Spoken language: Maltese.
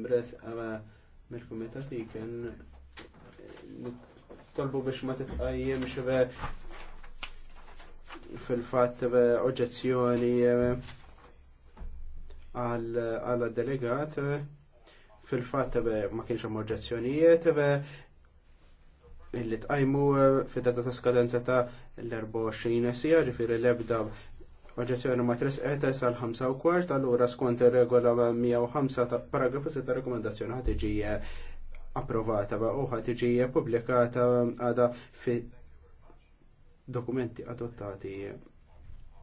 l-imbres, għama mill-komitati kien tolbu biex ma titqajjem xebe fil-fat oġezzjoni eh, għal delegat eh, fil-fat ma kienx hemm oġezzjonijiet illi tqajmu eh, fid-data ta' skadenza ta' l-24 sija ġifieri l-ebda Oġezzjoni ma tresqet eh, għal 5 u kwart, allura skont ir-regola 105 ta' paragrafu 6 ta' rekomendazzjoni ħad ġie eh, approvata u ħad ġie eh, pubblikata għada fi dokumenti adottati